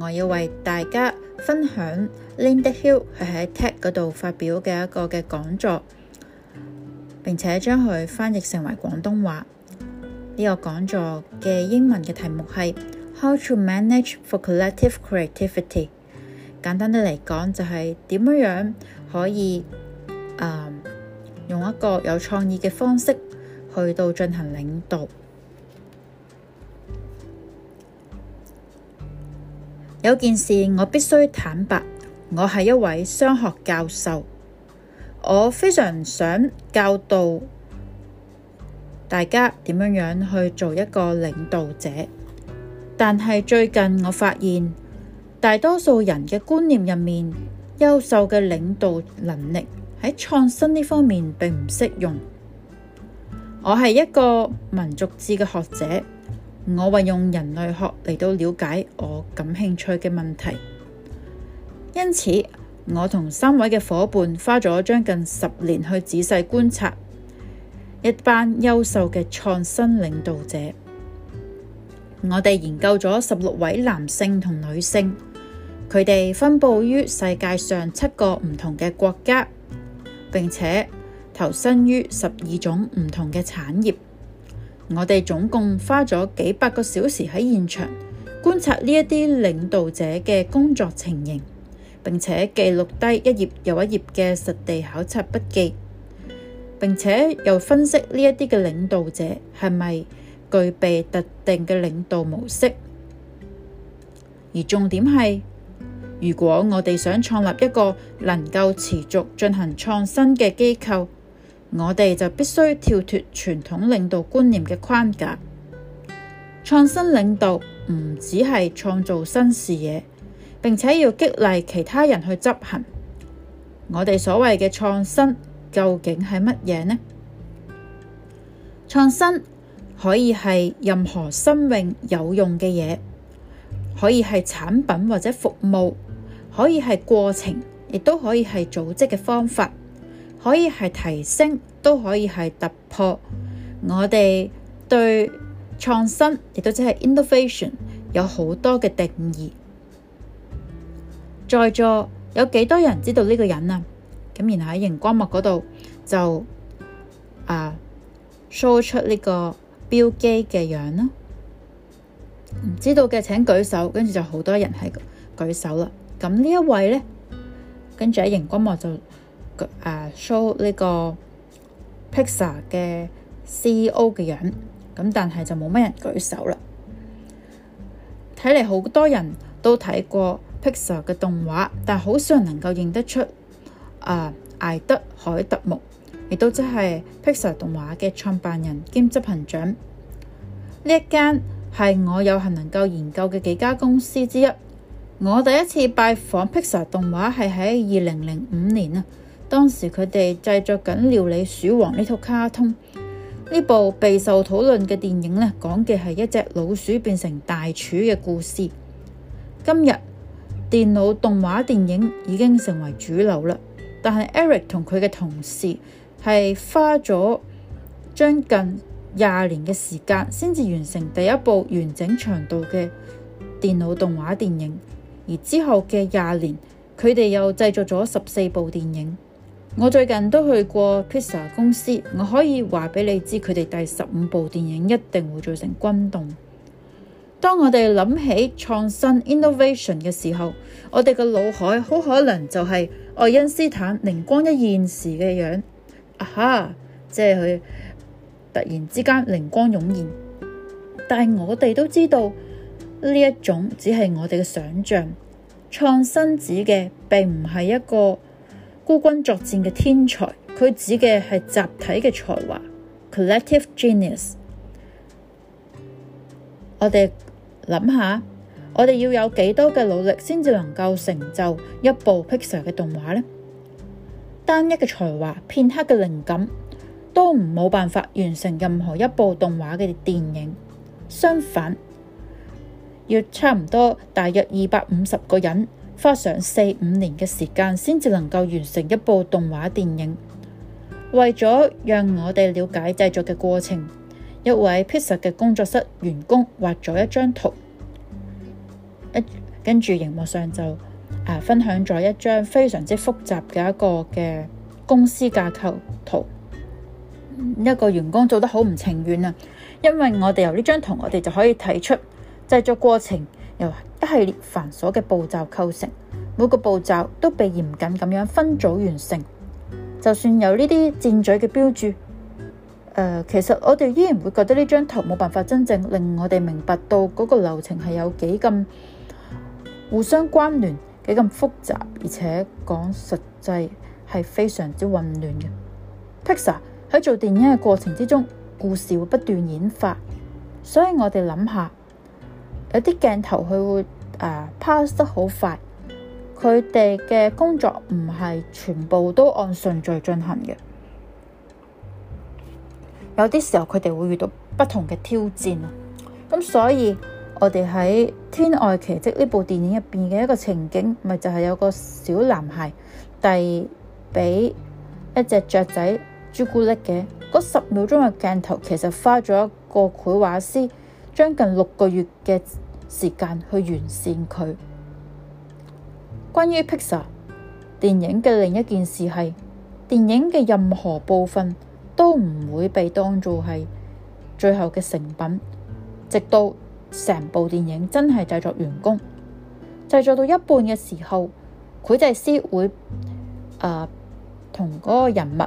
我要為大家分享 Linda Hill 佢喺 TED 嗰度發表嘅一個嘅講座，並且將佢翻譯成為廣東話。呢、這個講座嘅英文嘅題目係 How to Manage for Collective Creativity。簡單的嚟講，就係點樣樣可以誒、呃、用一個有創意嘅方式去到進行領導。有件事我必須坦白，我係一位商學教授，我非常想教導大家點樣樣去做一個領導者，但係最近我發現，大多數人嘅觀念入面，優秀嘅領導能力喺創新呢方面並唔適用。我係一個民族誌嘅學者。我運用人類學嚟到了解我感興趣嘅問題，因此，我同三位嘅伙伴花咗將近十年去仔細觀察一班優秀嘅創新領導者。我哋研究咗十六位男性同女性，佢哋分布於世界上七個唔同嘅國家，並且投身於十二種唔同嘅產業。我哋總共花咗幾百個小時喺現場觀察呢一啲領導者嘅工作情形，並且記錄低一頁又一頁嘅實地考察筆記，並且又分析呢一啲嘅領導者係咪具備特定嘅領導模式。而重點係，如果我哋想創立一個能夠持續進行創新嘅機構。我哋就必須跳脫傳統領導觀念嘅框架，創新領導唔只係創造新事業，並且要激勵其他人去執行。我哋所謂嘅創新究竟係乜嘢呢？創新可以係任何新穎有用嘅嘢，可以係產品或者服務，可以係過程，亦都可以係組織嘅方法。可以係提升，都可以係突破。我哋對創新亦都即係 innovation 有好多嘅定義。在座有幾多人知道呢個人呢啊？咁然後喺熒光幕嗰度就啊 show 出個呢個標機嘅樣咯。唔知道嘅請舉手，跟住就好多人係舉手啦。咁呢一位咧，跟住喺熒光幕就。誒、呃、show 呢個 Pixar 嘅 CEO 嘅樣，咁但係就冇咩人舉手啦。睇嚟好多人都睇過 Pixar 嘅動畫，但好少人能夠認得出、呃、艾德海特木，亦都即係 Pixar 動畫嘅創辦人兼執行長。呢一間係我有幸能夠研究嘅幾家公司之一。我第一次拜訪 Pixar 動畫係喺二零零五年啊。當時佢哋製作緊《料理鼠王》呢套卡通。呢部備受討論嘅電影呢，講嘅係一隻老鼠變成大廚嘅故事。今日電腦動畫電影已經成為主流啦，但係 Eric 同佢嘅同事係花咗將近廿年嘅時間先至完成第一部完整長度嘅電腦動畫電影，而之後嘅廿年，佢哋又製作咗十四部電影。我最近都去過 Pizza 公司，我可以話畀你知，佢哋第十五部電影一定會做成轟動。當我哋諗起創新 innovation 嘅時候，我哋嘅腦海好可能就係愛因斯坦靈光一現時嘅樣，啊哈，即係佢突然之間靈光湧現。但係我哋都知道呢一種只係我哋嘅想象，創新指嘅並唔係一個。孤軍作戰嘅天才，佢指嘅係集體嘅才華 （Collective Genius）。我哋諗下，我哋要有幾多嘅努力先至能夠成就一部 Pixar 嘅動畫呢？單一嘅才華、片刻嘅靈感都唔冇辦法完成任何一部動畫嘅電影。相反，要差唔多大約二百五十個人。花上四五年嘅時間先至能夠完成一部動畫電影。為咗讓我哋了解製作嘅過程，一位 Pixar 嘅工作室員工畫咗一張圖，跟住熒幕上就分享咗一張非常之複雜嘅一個嘅公司架構圖。一個員工做得好唔情願啊，因為我哋由呢張圖，我哋就可以睇出製作過程又。系列繁瑣嘅步驟構成，每個步驟都被嚴謹咁樣分組完成。就算有呢啲箭嘴嘅標註，呃，其實我哋依然會覺得呢張圖冇辦法真正令我哋明白到嗰個流程係有幾咁互相關聯，幾咁複雜，而且講實際係非常之混亂嘅。Pixar 喺做電影嘅過程之中，故事會不斷演化，所以我哋諗下，有啲鏡頭佢會。誒、uh, pass 得好快，佢哋嘅工作唔係全部都按順序進行嘅。有啲時候，佢哋會遇到不同嘅挑戰。咁所以，我哋喺《天外奇蹟》呢部電影入邊嘅一個情景，咪就係、係、有個小男孩遞俾一隻雀仔朱古力嘅嗰十秒鐘嘅鏡頭，其實花咗一個繪畫師將近六個月嘅時間去完善佢。關於 Pixar 電影嘅另一件事係電影嘅任何部分都唔會被當做係最後嘅成品，直到成部電影真係製作完工。製作到一半嘅時候，繪製師會誒同、呃、個人物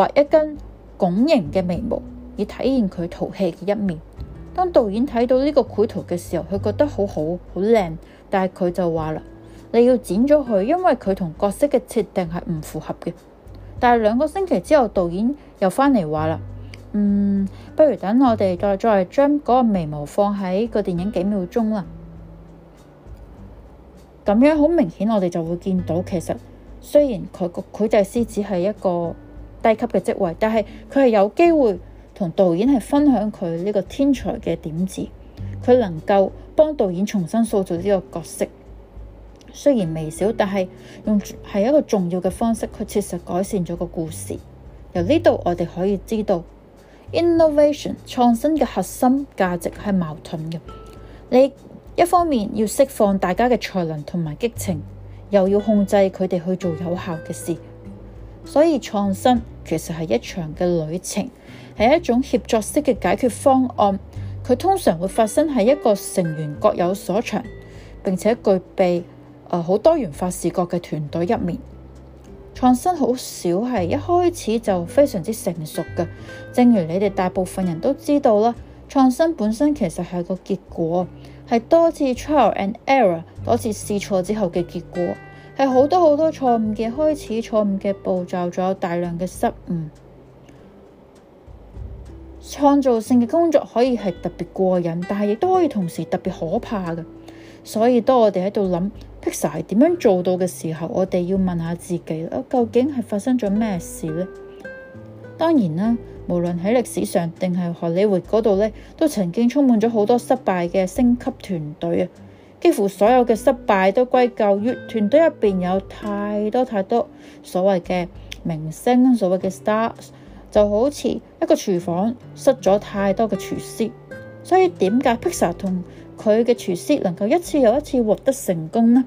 畫一根拱形嘅眉毛，以體現佢淘氣嘅一面。當導演睇到呢個繪圖嘅時候，佢覺得好好好靚，但係佢就話啦：你要剪咗佢，因為佢同角色嘅設定係唔符合嘅。但係兩個星期之後，導演又返嚟話啦：嗯，不如等我哋再再將嗰個眉毛放喺個電影幾秒鐘啦。咁樣好明顯，我哋就會見到，其實雖然佢個繪製師只係一個低級嘅職位，但係佢係有機會。同導演係分享佢呢個天才嘅點子，佢能夠幫導演重新塑造呢個角色。雖然微小，但係用係一個重要嘅方式，佢切實改善咗個故事。由呢度我哋可以知道，Innovation 創新嘅核心價值係矛盾嘅。你一方面要釋放大家嘅才能同埋激情，又要控制佢哋去做有效嘅事，所以創新，其實係一場嘅旅程，係一種協作式嘅解決方案。佢通常會發生喺一個成員各有所長，並且具備誒好、呃、多元化視覺嘅團隊入面。創新好少係一開始就非常之成熟嘅，正如你哋大部分人都知道啦。創新本身其實係個結果，係多次 trial and error，多次試錯之後嘅結果。係好多好多錯誤嘅開始，錯誤嘅步驟，仲有大量嘅失誤。創造性嘅工作可以係特別過癮，但係亦都可以同時特別可怕嘅。所以當我哋喺度諗 Pixar 係點樣做到嘅時候，我哋要問下自己：究竟係發生咗咩事呢？當然啦，無論喺歷史上定係荷里活嗰度呢，都曾經充滿咗好多失敗嘅星級團隊啊！幾乎所有嘅失敗都歸咎於團隊入邊有太多太多所謂嘅明星，所謂嘅 star，就好似一個廚房失咗太多嘅廚師。所以點解 Pixar 同佢嘅廚師能夠一次又一次獲得成功呢？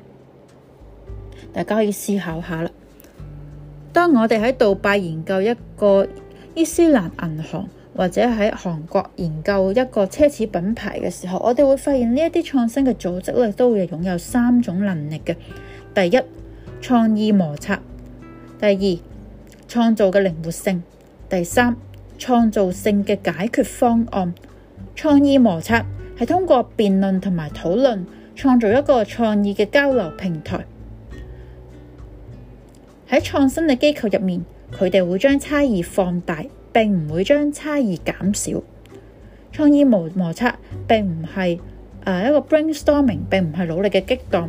大家可以思考下啦。當我哋喺杜拜研究一個伊斯蘭銀行。或者喺韓國研究一個奢侈品牌嘅時候，我哋會發現呢一啲創新嘅組織咧，都會擁有三種能力嘅：第一，創意摩擦；第二，創造嘅靈活性；第三，創造性嘅解決方案。創意摩擦係通過辯論同埋討論，創造一個創意嘅交流平台。喺創新嘅機構入面，佢哋會將差異放大。並唔會將差異減少，創意磨磨擦，並唔係誒一個 brainstorming，並唔係努力嘅激盪，誒、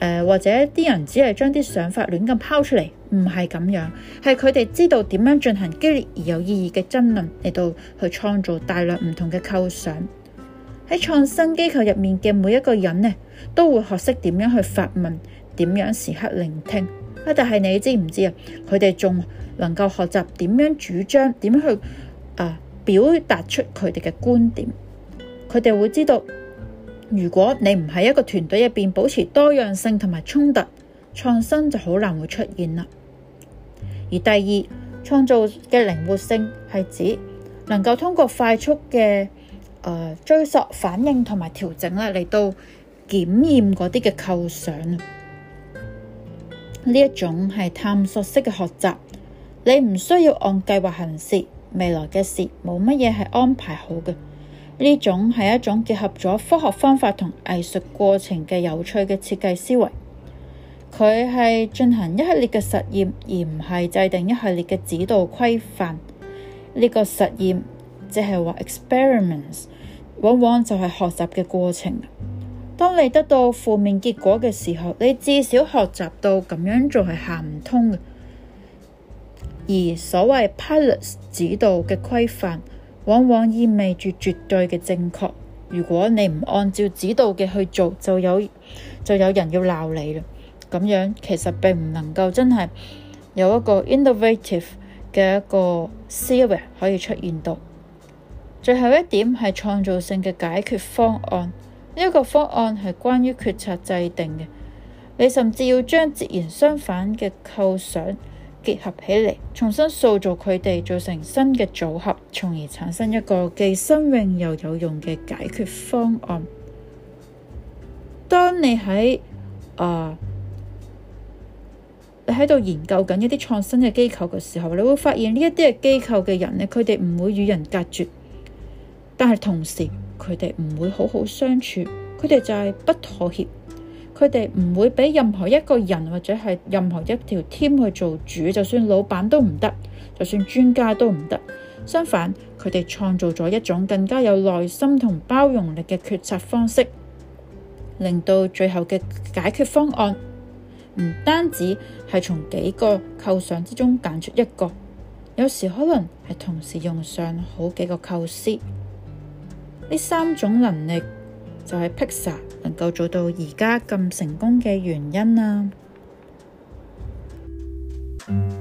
呃、或者啲人只係將啲想法亂咁拋出嚟，唔係咁樣，係佢哋知道點樣進行激烈而有意義嘅爭論嚟到去創造大量唔同嘅構想。喺創新機構入面嘅每一個人呢，都會學識點樣去發問，點樣時刻聆聽。但係你知唔知啊？佢哋仲能夠學習點樣主張，點去、呃、表達出佢哋嘅觀點。佢哋會知道，如果你唔喺一個團隊入邊保持多樣性同埋衝突，創新就好難會出現啦。而第二，創造嘅靈活性係指能夠通過快速嘅誒、呃、追索、反應同埋調整啦，嚟到檢驗嗰啲嘅構想。呢一種係探索式嘅學習，你唔需要按計劃行事，未來嘅事冇乜嘢係安排好嘅。呢種係一種結合咗科學方法同藝術過程嘅有趣嘅設計思維，佢係進行一系列嘅實驗，而唔係制定一系列嘅指導規範。呢個實驗，即係話 experiments，往往就係學習嘅過程。當你得到負面結果嘅時候，你至少學習到咁樣做係行唔通嘅。而所謂 pilots 指導嘅規範，往往意味住絕對嘅正確。如果你唔按照指導嘅去做，就有就有人要鬧你啦。咁樣其實並唔能夠真係有一個 innovative 嘅一個思維可以出現到。最後一點係創造性嘅解決方案。一個方案係關於決策制定嘅，你甚至要將截然相反嘅構想結合起嚟，重新塑造佢哋，做成新嘅組合，從而產生一個既新穎又有用嘅解決方案。當你喺啊、呃，你喺度研究緊一啲創新嘅機構嘅時候，你會發現呢一啲嘅機構嘅人咧，佢哋唔會與人隔絕，但係同時，佢哋唔會好好相處，佢哋就係不妥協，佢哋唔會俾任何一個人或者係任何一條 team 去做主，就算老闆都唔得，就算專家都唔得。相反，佢哋創造咗一種更加有耐心同包容力嘅決策方式，令到最後嘅解決方案唔單止係從幾個構想之中揀出一個，有時可能係同時用上好幾個構思。呢三種能力就係、是、Pixar 能夠做到而家咁成功嘅原因啦、啊。